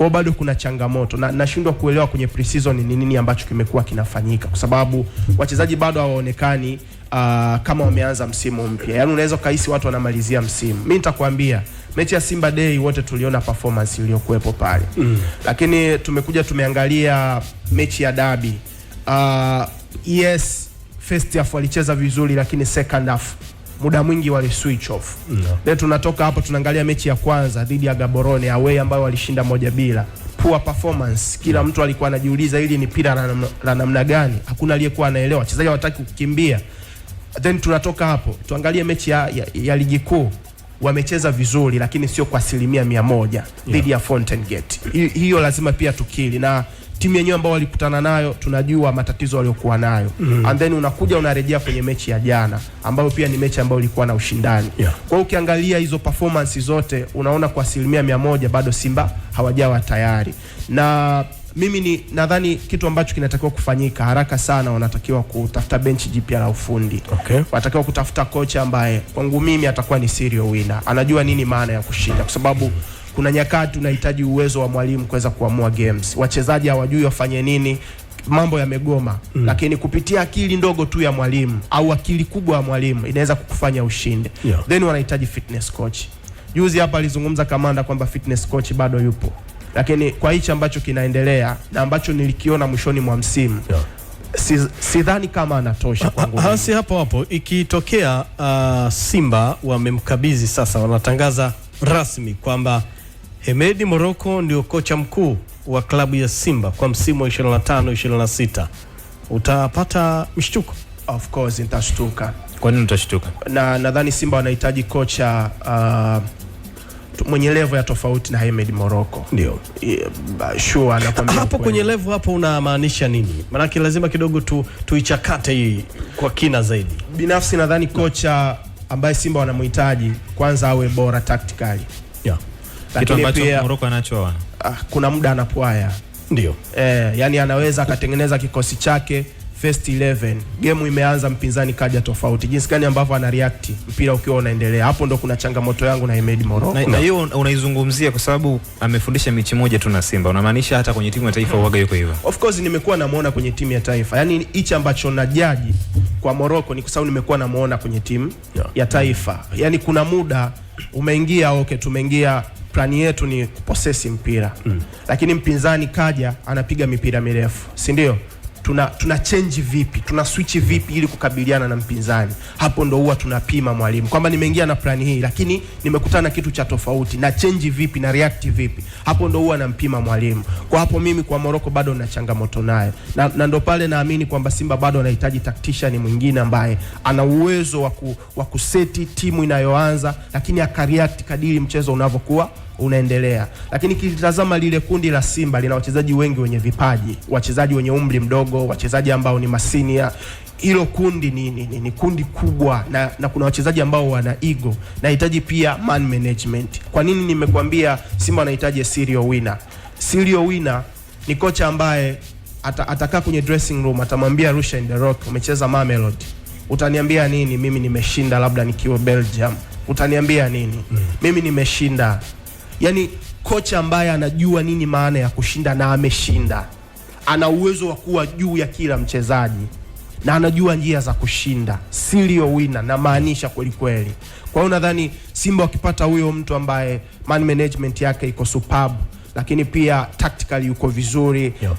Kwa hiyo bado kuna changamoto na nashindwa kuelewa kwenye pre-season ni nini ambacho kimekuwa kinafanyika, kwa sababu wachezaji bado hawaonekani uh, kama wameanza msimu mpya. Yaani unaweza ukahisi watu wanamalizia msimu. Mimi nitakwambia mechi ya Simba Day wote tuliona performance iliyokuwepo pale mm. Lakini tumekuja tumeangalia mechi ya dabi uh, yes, first half walicheza vizuri, lakini second half muda mwingi wali switch off mm. Then tunatoka hapo tunaangalia mechi ya kwanza dhidi ya Gaborone away ambayo walishinda moja bila poor performance. Kila mm. mtu alikuwa anajiuliza hili ni pira la namna gani? Hakuna aliyekuwa anaelewa, wachezaji hawataki kukimbia. Then tunatoka hapo tuangalie mechi ya, ya, ya ligi kuu wamecheza vizuri, lakini sio kwa asilimia mia moja dhidi yeah, ya Fountain Gate. Hiyo lazima pia tukili na timu yenyewe ambao walikutana nayo tunajua matatizo waliokuwa nayo mm. and then unakuja unarejea kwenye mechi ya jana ambayo pia ni mechi ambayo ilikuwa na ushindani yeah. Kwa hiyo ukiangalia hizo performance zote unaona kwa asilimia mia moja bado Simba hawajawa tayari, na mimi ni nadhani kitu ambacho kinatakiwa kufanyika haraka sana, wanatakiwa kutafuta benchi jipya la ufundi okay. Wanatakiwa kutafuta kocha ambaye kwangu mimi atakuwa ni serial winner, anajua nini maana ya kushinda kwa sababu kuna nyakati unahitaji uwezo wa mwalimu kuweza kuamua games. Wachezaji hawajui wafanye nini, mambo yamegoma mm. Lakini kupitia akili ndogo tu ya mwalimu au akili kubwa ya mwalimu inaweza kukufanya ushinde yeah. Then wanahitaji fitness coach. Juzi hapa alizungumza kamanda kwamba fitness coach bado yupo, lakini kwa hichi ambacho kinaendelea na ambacho nilikiona mwishoni mwa msimu yeah. Sidhani si kama anatosha kwangu. Hasi hapo hapo ikitokea uh, Simba wamemkabidhi sasa, wanatangaza rasmi kwamba Hemedi Moroko ndio kocha mkuu wa klabu ya Simba kwa msimu wa 25 26. Utapata mshtuko? Of course nitashtuka. Kwa nini utashtuka? Na nadhani Simba wanahitaji kocha uh, mwenye level ya tofauti na Hemedi Moroko. Ndio. Uh, sure anakwambia. Hapo kwenye level hapo unamaanisha nini? Maanake lazima kidogo tu tuichakate hii kwa kina zaidi. Binafsi nadhani kocha ambaye Simba wanamhitaji kwanza awe bora tactically. Yeah kitu ambacho Morocco anachoona ah, kuna muda anakwaya ndio eh, yani anaweza akatengeneza kikosi chake first 11 game imeanza, mpinzani kaja tofauti, jinsi gani ambavyo ana react mpira ukiwa unaendelea, hapo ndo kuna changamoto yangu na Ahmed Morocco. Na hiyo unaizungumzia kwa sababu amefundisha mechi moja tu na Simba, unamaanisha hata kwenye timu ya taifa uwaga yuko hivyo? Of course nimekuwa namuona kwenye timu ya taifa, yani hichi ambacho najaji kwa Morocco ni kwa sababu nimekuwa namuona kwenye timu yeah. ya taifa, yani kuna muda umeingia, okay, tumeingia plani yetu ni kuposesi mpira mm. Lakini mpinzani kaja anapiga mipira mirefu, si ndio? tuna, tuna change vipi, tuna switch vipi ili kukabiliana na mpinzani. Hapo ndo huwa tunapima mwalimu kwamba nimeingia na plani hii, lakini nimekutana kitu cha tofauti, na change vipi na react vipi. Hapo ndo huwa nampima mwalimu. Kwa hapo mimi kwa Morocco bado na changamoto naye, na, na ndo pale naamini kwamba Simba bado anahitaji tactician mwingine ambaye ana uwezo wa kuseti timu inayoanza, lakini akareact kadiri mchezo unavyokuwa unaendelea, lakini kitazama lile kundi la Simba lina wachezaji wengi wenye vipaji, wachezaji wenye umri mdogo, wachezaji ambao ni masinia hilo kundi ni, ni, ni, ni kundi kubwa na, na kuna wachezaji ambao wana ego. Nahitaji pia man management. Kwa nini nimekuambia Simba anahitaji serial winner? Serial winner ni kocha ambaye ata, atakaa kwenye dressing room atamwambia Rusha in the Rock, umecheza Mamelodi, utaniambia nini? Mimi nimeshinda, labda nikiwa Belgium, utaniambia nini? Mm. Mimi nimeshinda yani kocha ambaye anajua nini maana ya kushinda na ameshinda, ana uwezo wa kuwa juu ya kila mchezaji na anajua njia za kushinda, serial winner na maanisha kweli kweli. Kwa hiyo nadhani Simba wakipata huyo mtu ambaye man management yake iko superb, lakini pia tactically yuko vizuri yeah.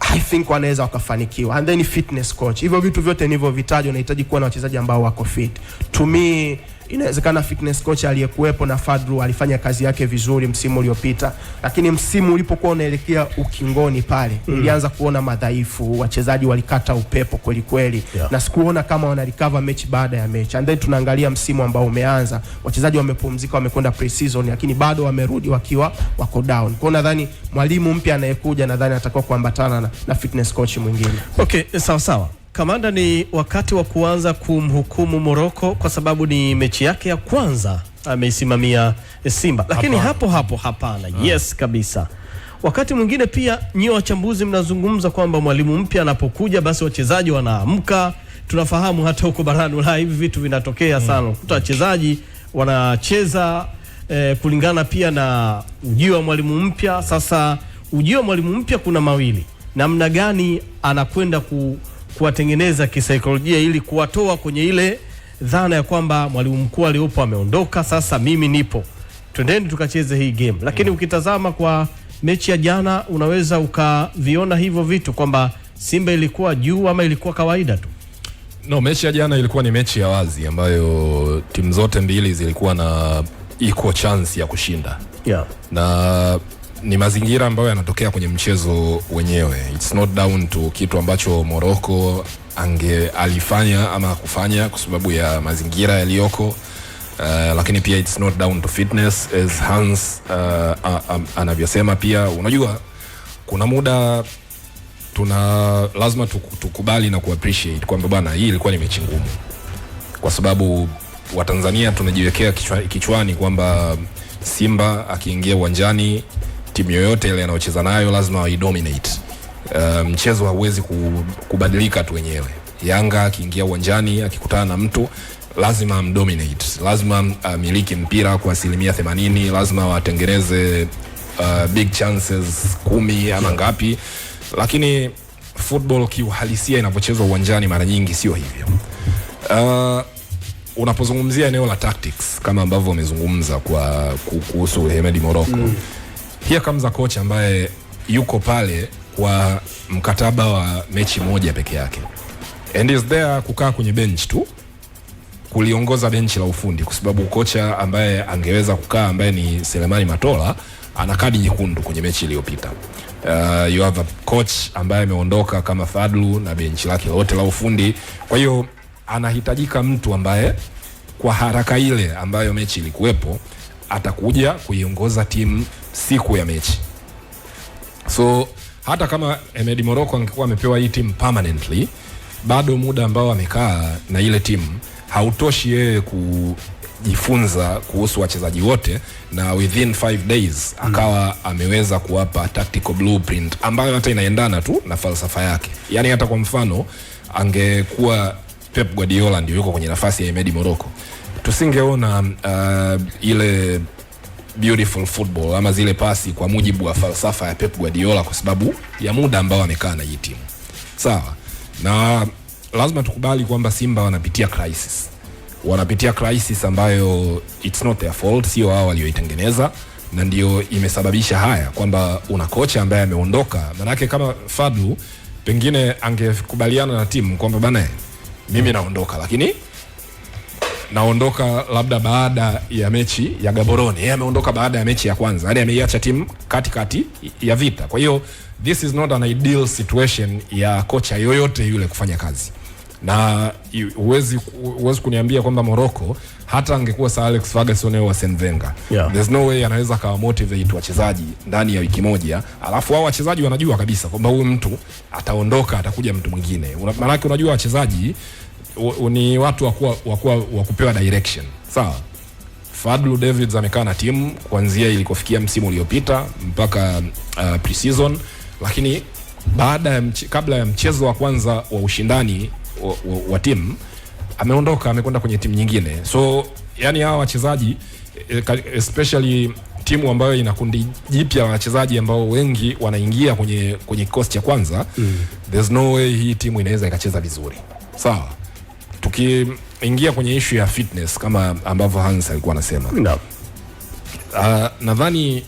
I think wanaweza wakafanikiwa, and then fitness coach, hivyo vitu vyote vitajwa, nahitaji kuwa na wachezaji ambao wako fit to me inawezekana fitness coach aliyekuwepo na Fadru alifanya kazi yake vizuri msimu uliopita, lakini msimu ulipokuwa unaelekea ukingoni pale hmm. nilianza mm. kuona madhaifu, wachezaji walikata upepo kweli kweli yeah. na sikuona kama wana recover mechi baada ya mechi, and then tunaangalia msimu ambao umeanza, wachezaji wamepumzika, wamekwenda pre-season, lakini bado wamerudi wakiwa wako down. Kwa nadhani mwalimu mpya anayekuja, nadhani atakuwa kuambatana na, na fitness coach mwingine. Okay, sawa sawa. Kamanda, ni wakati wa kuanza kumhukumu Moroko kwa sababu ni mechi yake ya kwanza ameisimamia Simba, lakini Hapo hapo hapana ha. Ah. Yes kabisa. Wakati mwingine pia nyie wachambuzi mnazungumza kwamba mwalimu mpya anapokuja basi wachezaji wanaamka. Tunafahamu hata huko barani Ulaya hivi vitu vinatokea hmm. sana, kuta wachezaji wanacheza eh, kulingana pia na ujio wa mwalimu mpya. Sasa ujio wa mwalimu mpya kuna mawili, namna gani anakwenda ku kuwatengeneza kisaikolojia ili kuwatoa kwenye ile dhana ya kwamba mwalimu mkuu aliyopo ameondoka, sasa mimi nipo, twendeni tukacheze hii game. Lakini mm. ukitazama kwa mechi ya jana, unaweza ukaviona hivyo vitu kwamba Simba ilikuwa juu ama ilikuwa kawaida tu. No, mechi ya jana ilikuwa ni mechi ya wazi ambayo timu zote mbili zilikuwa na iko chance ya kushinda yeah. na ni mazingira ambayo yanatokea kwenye mchezo wenyewe. It's not down to kitu ambacho Morocco ange alifanya ama kufanya kwa sababu ya mazingira yaliyoko. Uh, lakini pia it's not down to fitness as Hans uh, anavyosema pia, unajua kuna muda tuna lazima tukubali na kuappreciate kwamba bwana, hii ilikuwa ni mechi ngumu, kwa sababu Watanzania tunajiwekea kichwa, kichwani kwamba Simba akiingia uwanjani timu yoyote ile anayocheza nayo lazima waidominate. Uh, eh, mchezo hauwezi kubadilika tu wenyewe. Yanga akiingia uwanjani akikutana na mtu lazima amdominate, lazima amiliki uh, mpira kwa asilimia themanini, lazima watengeneze uh, eh, big chances kumi ama ngapi, lakini football kiuhalisia inavyochezwa uwanjani mara nyingi sio hivyo. Uh, unapozungumzia eneo la tactics kama ambavyo umezungumza kwa kuhusu Hemedi Morocco mm. Pia Kamza kocha ambaye yuko pale kwa mkataba wa mechi moja peke yake and is there kukaa kwenye bench tu kuliongoza benchi la ufundi kwa sababu kocha ambaye angeweza kukaa ambaye ni Selemani Matola ana kadi nyekundu kwenye mechi iliyopita. Uh, you have a coach ambaye ameondoka kama Fadlu na benchi lake lote la ufundi. Kwa hiyo anahitajika mtu ambaye kwa haraka ile ambayo mechi ilikuwepo atakuja kuiongoza timu siku ya mechi. So hata kama Emedi Moroko angekuwa amepewa hii timu permanently, bado muda ambao amekaa na ile timu hautoshi yeye kujifunza kuhusu wachezaji wote na within five days akawa ameweza kuwapa tactical blueprint ambayo hata inaendana tu na falsafa yake. Yaani hata kwa mfano angekuwa Pep Guardiola ndio yuko kwenye nafasi ya Emedi Morocco tusingeona uh, ile beautiful football ama zile pasi kwa mujibu wa falsafa ya Pep Guardiola kwa sababu ya muda ambao amekaa na hii timu. Sawa. Na lazima tukubali kwamba Simba wanapitia crisis. Wanapitia crisis ambayo it's not their fault, sio wao walioitengeneza na ndio imesababisha haya kwamba una kocha ambaye ameondoka. Manake kama Fadlu pengine angekubaliana na timu kwamba bana mimi naondoka, lakini naondoka labda baada ya mechi ya Gaborone. Yeye ameondoka baada ya mechi ya kwanza, yani ameiacha timu katikati ya vita. Kwa hiyo this is not an ideal situation ya kocha yoyote yule kufanya kazi na huwezi huwezi kuniambia kwamba Morocco hata angekuwa Sir Alex Ferguson au Arsene Wenger yeah. There's no way anaweza kawa motivate wachezaji ndani ya wiki moja, alafu hao wachezaji wanajua kabisa kwamba huyu mtu ataondoka, atakuja mtu mwingine. Maanake unajua wachezaji ni watu wa kupewa direction sawa. Fadlu david amekaa na timu kuanzia ilikofikia msimu uliopita mpaka uh, pre-season, lakini baada ya mche, kabla ya mchezo wa kwanza wa ushindani wa, wa, wa timu ameondoka, amekwenda kwenye timu nyingine. So yani hawa wachezaji eh, especially timu ambayo ina kundi jipya wachezaji ambao wengi wanaingia kwenye kwenye kikosi cha kwanza mm. There's no way hii timu inaweza ikacheza vizuri sawa tukiingia kwenye ishu ya fitness kama ambavyo Hans alikuwa anasema no. Uh, ah, nadhani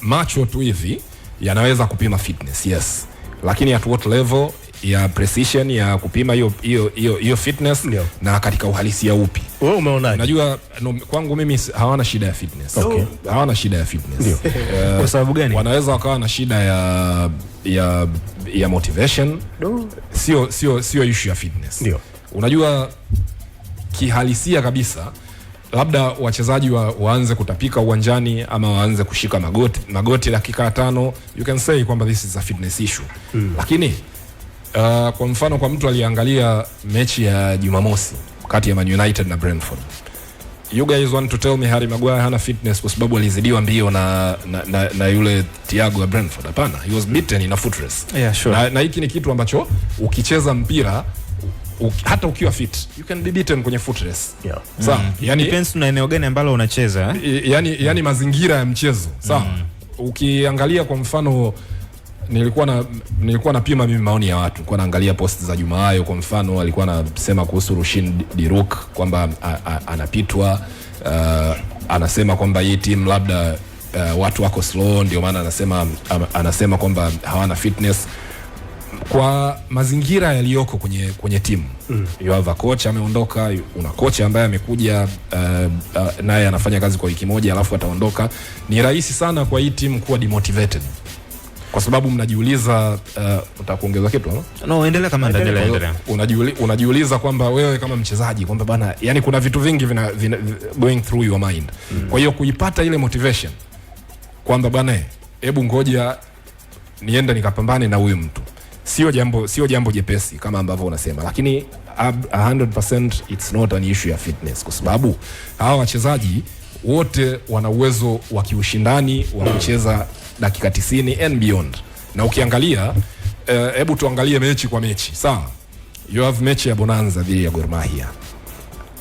macho tu hivi yanaweza kupima fitness yes, lakini at what level ya precision ya kupima hiyo hiyo hiyo hiyo fitness Ndiyo. na katika uhalisia upi? Wewe umeonaje? Najua no, kwangu mimi hawana shida ya fitness. Okay. Hawana shida ya fitness. Uh, kwa sababu gani? Wanaweza wakawa na shida ya ya ya motivation. Sio sio sio issue ya fitness. Ndio unajua kihalisia kabisa labda wachezaji wa, waanze kutapika uwanjani ama waanze kushika magoti magoti dakika tano, you can say kwamba this is a fitness issue mm. Lakini uh, kwa mfano kwa mtu aliangalia mechi ya Jumamosi kati ya Man United na Brentford, you guys want to tell me Harry Maguire hana fitness kwa sababu alizidiwa mbio na, na, na, na yule Thiago wa Brentford? Hapana, he was beaten in a foot race yeah, sure. na, Na hiki ni kitu ambacho ukicheza mpira hata ukiwa fit you can be beaten kwenye foot race yeah. Sawa mm. Yani, depends na eneo gani ambalo unacheza eh? yani, mm. yani mazingira ya mchezo sawa mm. Ukiangalia kwa mfano nilikuwa na nilikuwa napima mimi maoni ya watu, kwa naangalia post za Jumaayo Kwa mfano alikuwa anasema kuhusu Rushin Diruk kwamba anapitwa, uh, anasema kwamba hii timu labda uh, watu wako slow, ndio maana anasema anasema kwamba hawana fitness kwa mazingira yaliyoko kwenye, kwenye timu mm. you have a coach ameondoka, una coach ambaye amekuja uh, uh, naye anafanya kazi kwa wiki moja alafu ataondoka. Ni rahisi sana kwa hii timu kuwa demotivated kwa sababu mnajiuliza uh, utakuongeza kitu no? No, endelea kama endelea, endelea. Endelea. Unajiuli, unajiuliza kwamba wewe kama mchezaji kwamba bana, yani kuna vitu vingi vina, vina going through your mind mm. Kwa hiyo kuipata ile motivation kwamba bana, hebu ngoja niende nikapambane na huyu mtu sio jambo sio jambo jepesi kama ambavyo unasema, lakini 100% it's not an issue ya fitness, kwa sababu hawa wachezaji wote wana uwezo wa kiushindani wa kucheza dakika 90 and beyond. Na ukiangalia, eh, hebu uh, tuangalie mechi kwa mechi, sawa. You have mechi ya bonanza dhidi ya Gor Mahia,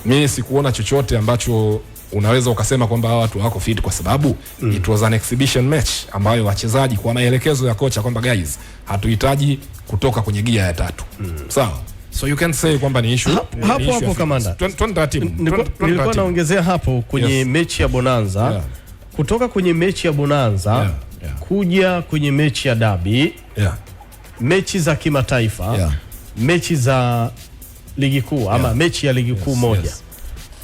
mimi sikuona chochote ambacho unaweza ukasema kwamba hawa watu hawako fit kwa sababu mm. it was an exhibition match ambayo wachezaji kwa maelekezo ya kocha kwamba guys, hatuhitaji kutoka kwenye gia ya tatu mm. sawa So you can say kwamba ni issue hapo hapo, hapo kamanda, nilikuwa naongezea hapo kwenye yes. mechi ya Bonanza yeah. kutoka kwenye mechi ya Bonanza yeah. Yeah. kuja kwenye mechi ya dabi yeah. mechi za kimataifa yeah. mechi za ligi kuu ama yeah. mechi ya ligi kuu yes. moja yes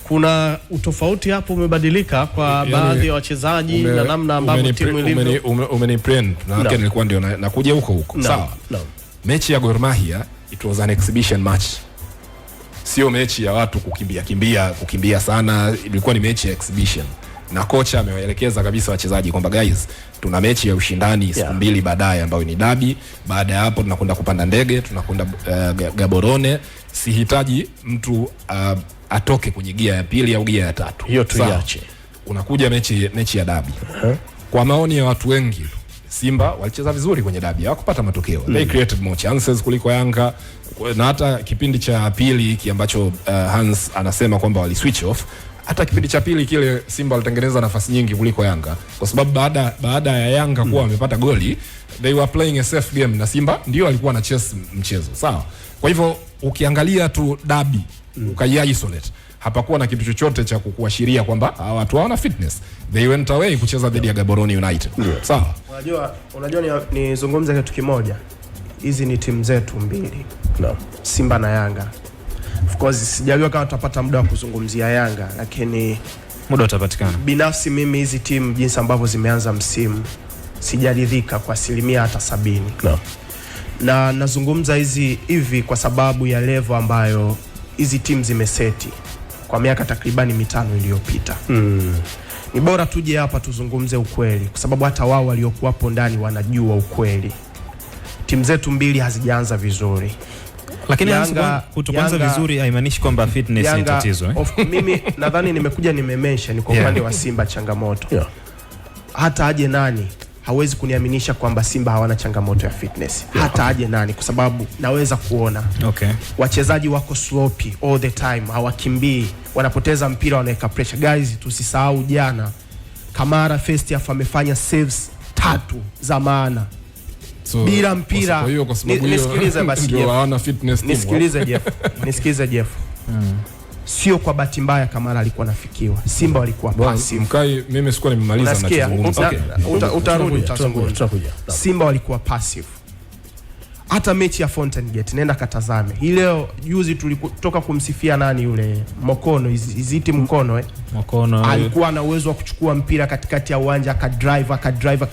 kuna utofauti hapo umebadilika kwa yani, baadhi ya wachezaji ume, na namna ambavyo timu ilivyo. Umeniprend na no. nilikuwa ndio nakuja na huko huko. no. Sawa. no. Mechi ya Gor Mahia it was an exhibition match. Sio mechi ya watu kukimbia kimbia kukimbia sana, ilikuwa ni mechi ya exhibition na kocha amewaelekeza kabisa wachezaji kwamba guys, tuna mechi ya ushindani siku yeah, mbili baadaye ambayo ni dabi. Baada ya hapo tunakwenda kupanda ndege, tunakwenda uh, Gaborone sihitaji mtu uh, atoke kwenye gia ya pili au gia ya tatu. Hiyo tuiache. Unakuja mechi mechi ya dabi. Uh -huh. Kwa maoni ya watu wengi Simba walicheza vizuri kwenye dabi, hawakupata matokeo. They mm. created more chances kuliko Yanga, na hata kipindi cha pili hiki ambacho uh, Hans anasema kwamba wali switch off hata kipindi cha pili kile Simba walitengeneza nafasi nyingi kuliko Yanga, kwa sababu baada baada ya Yanga kuwa mm. wamepata mm. goli, they were playing a safe game na Simba ndio alikuwa na chess mchezo sawa. Kwa hivyo ukiangalia tu dabi mm. isolate hapakuwa na kitu chochote cha kukuashiria kwamba hawa watu hawana fitness, they went away kucheza dhidi ya Gaborone United yeah. Sawa, unajua unajua nizungumze ni kitu kimoja, hizi ni timu zetu mbili no. Simba na Yanga Of course sijajua kama tutapata muda wa kuzungumzia Yanga, lakini muda utapatikana. Binafsi mimi hizi timu jinsi ambavyo zimeanza msimu sijaridhika kwa asilimia hata sabini no. na nazungumza hizi hivi kwa sababu ya levo ambayo hizi timu zimeseti kwa miaka takribani mitano iliyopita mm. Ni bora tuje hapa tuzungumze ukweli, kwa sababu hata wao waliokuwapo ndani wanajua ukweli. Timu zetu mbili hazijaanza vizuri lakini Yanga kutokuanza vizuri haimaanishi kwamba fitness ni tatizo eh? Of, mimi nadhani nimekuja nimemesha ni kwa upande yeah. wa Simba changamoto yeah. hata aje nani hawezi kuniaminisha kwamba Simba hawana changamoto ya fitness yeah, hata aje nani, kwa sababu naweza kuona okay. wachezaji wako sloppy all the time, hawakimbii, wanapoteza mpira, wanaweka pressure. Guys, tusisahau jana Kamara first half amefanya saves tatu za maana so, bila mpira. nisikilize hiyo basi Jeff, hawana fitness team. Nisikiliza Jeff, nisikiliza Jeff mm. Sio kwa bahati mbaya Kamara alikuwa nafikiwa Simba walikuwa passive. Mkai, mimi sikuwa nimemaliza na kuzungumza. Utarudi, tutakuja. Simba walikuwa passive hata mechi ya Fountain Gate nenda katazame hii leo. Juzi tulitoka kumsifia nani yule Mokono iziti Mkono eh? Mokono alikuwa na uwezo wa kuchukua mpira katikati ya uwanja akadrive akadrive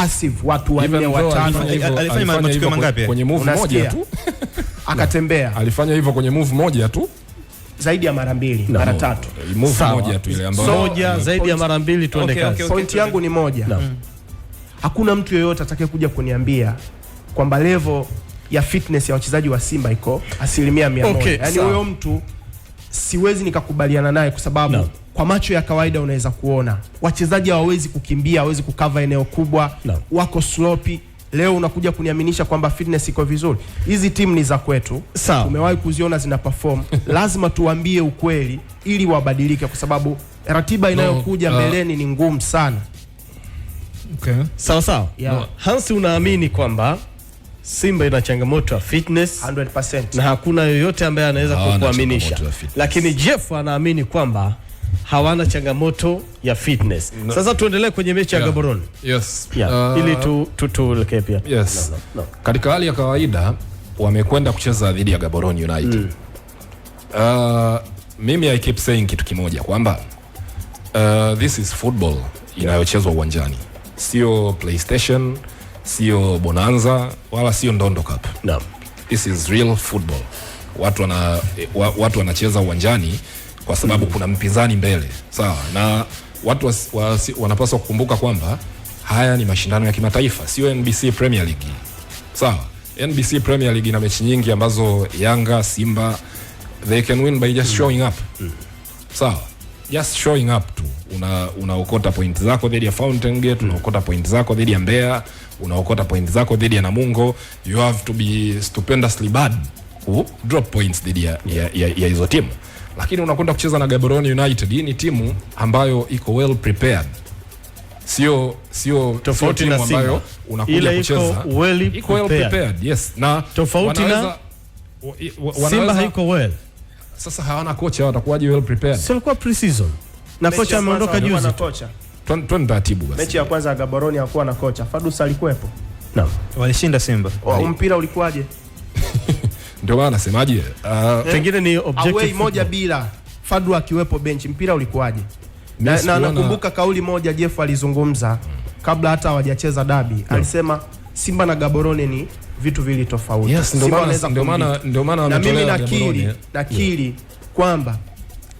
passive watu wanne watano. Alifanya matukio mangapi? Kwenye move moja tu akatembea. Alifanya hivyo kwenye move moja tu zaidi ya mara mbili no, mara tatu eh, move moja tu ile ambayo soja zaidi ya mara mbili tuende kazi. Okay, okay, pointi yangu ni moja no. Mm. Hakuna mtu yeyote atakayekuja kuniambia kwamba level ya fitness ya wachezaji wa Simba iko asilimia mia moja. Okay, yaani huyo mtu siwezi nikakubaliana naye kwa sababu no. Kwa macho ya kawaida unaweza kuona wachezaji hawawezi kukimbia, hawawezi kukava eneo kubwa no. Wako slopi. Leo unakuja kuniaminisha kwamba fitness iko vizuri. Hizi timu ni za kwetu, tumewahi umewahi kuziona zina perform lazima tuwambie ukweli ili wabadilike, kwa sababu ratiba inayokuja no, uh, mbeleni ni ngumu sana. Okay. Sawa sawa, yeah. no. Hansi, unaamini kwamba Simba ina changamoto ya fitness 100%. Na hakuna yoyote ambaye anaweza kukuaminisha, lakini Jeff anaamini kwamba hawana changamoto ya fitness no. Sasa tuendelee kwenye mechi yeah. ya yeah. Gaborone yes. yeah. uh, ili tuelekee tu, tu, pia yes. no, no, no. Katika hali ya kawaida wamekwenda kucheza dhidi ya Gaborone United mm. Uh, mimi I keep saying kitu kimoja kwamba uh, this is football inayochezwa uwanjani, sio PlayStation sio bonanza wala sio ndondo cup. no. This is real football. Watu wana eh, wa, watu wanacheza uwanjani kwa sababu mm. kuna mpinzani mbele. Sawa. Na watu was, was, wanapaswa kukumbuka kwamba haya ni mashindano ya kimataifa, sio NBC Premier League. Sawa. NBC Premier League ina mechi nyingi ambazo Yanga, Simba they can win by just mm. showing up. mm. Sawa just showing up tu unaokota una point zako dhidi ya Fountain Gate, unaokota point zako dhidi ya mbea unaokota point zako dhidi ya Namungo. You have to be stupendously bad ku drop points dhidi ya ya, ya, ya hizo timu, lakini unakwenda kucheza na Gaborone United. Hii ni timu ambayo iko well prepared, sio sio tofauti na ambayo unakuja kucheza well iko well prepared, yes, na tofauti na Simba haiko well sasa hawana kocha, watakuwaje well prepared? Sio kwa preseason. na kocha ameondoka juzi. Twende taratibu basi. Mechi ya kwanza ya Gaborone hakuwa na kocha, Fadus alikuwepo. Naam, walishinda Simba. Mpira ulikuwaje? Ndio maana nasemaje, uh, pengine ni objective away moja bila Fadu akiwepo benchi, mpira ulikuwaje? Na, na nakumbuka kauli moja Jeff alizungumza kabla hata hawajacheza dabi, alisema Simba na Gaborone ni vitu vili tofauti. Yes, ndio maana ndio maana ndio maana na mimi nakiri eh. nakiri yeah, kwamba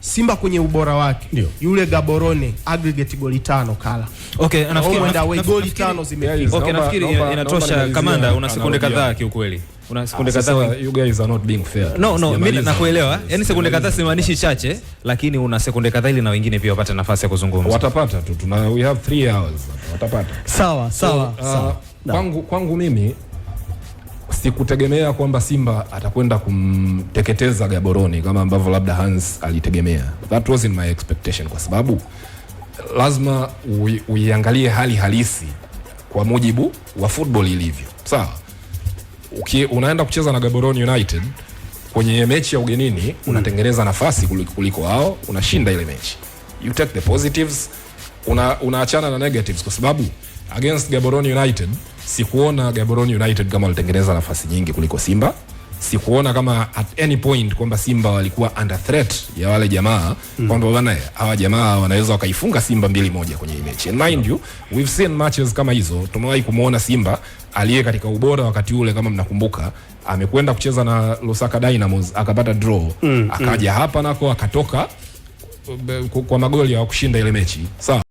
Simba kwenye ubora wake Dio. Yule Gaborone aggregate goli tano kala. Okay, anafikiri nafikiri goli tano zimepigwa. Okay, nafikiri eh, inatosha. Kamanda, una sekunde kadhaa kiukweli una sekunde kadhaa. You guys are not being fair. No, no, mimi nakuelewa. Yaani sekunde kadhaa simaanishi chache, lakini una sekunde kadhaa ili na wengine pia wapate nafasi ya kuzungumza. Watapata tu. Tuna we have 3 hours. Watapata. Sawa, sawa, uh, sawa. Kwangu kwangu mimi sikutegemea kwamba Simba atakwenda kumteketeza Gaboroni kama ambavyo labda Hans alitegemea. That in my expectation, kwa sababu lazima uiangalie hali halisi kwa mujibu wa football ilivyo. Sawa, unaenda kucheza na gaboroni United kwenye mechi ya ugenini, hmm. unatengeneza nafasi kuliko wao, unashinda ile mechi. You take the positives, unaachana una na negatives kwa sababu against Gaborone United sikuona Gaborone United kama walitengeneza nafasi nyingi kuliko Simba. Sikuona kama at any point kwamba Simba walikuwa under threat ya wale jamaa mm. kwamba bwana hawa jamaa wanaweza wakaifunga Simba mbili moja kwenye mechi. And mind you, we've seen matches kama hizo. Tumewahi kumuona Simba aliye katika ubora wakati ule, kama mnakumbuka, amekwenda kucheza na Lusaka Dynamos akapata draw mm. mm. akaja mm. hapa nako akatoka eh, kwa magoli ya kushinda ile mechi sawa.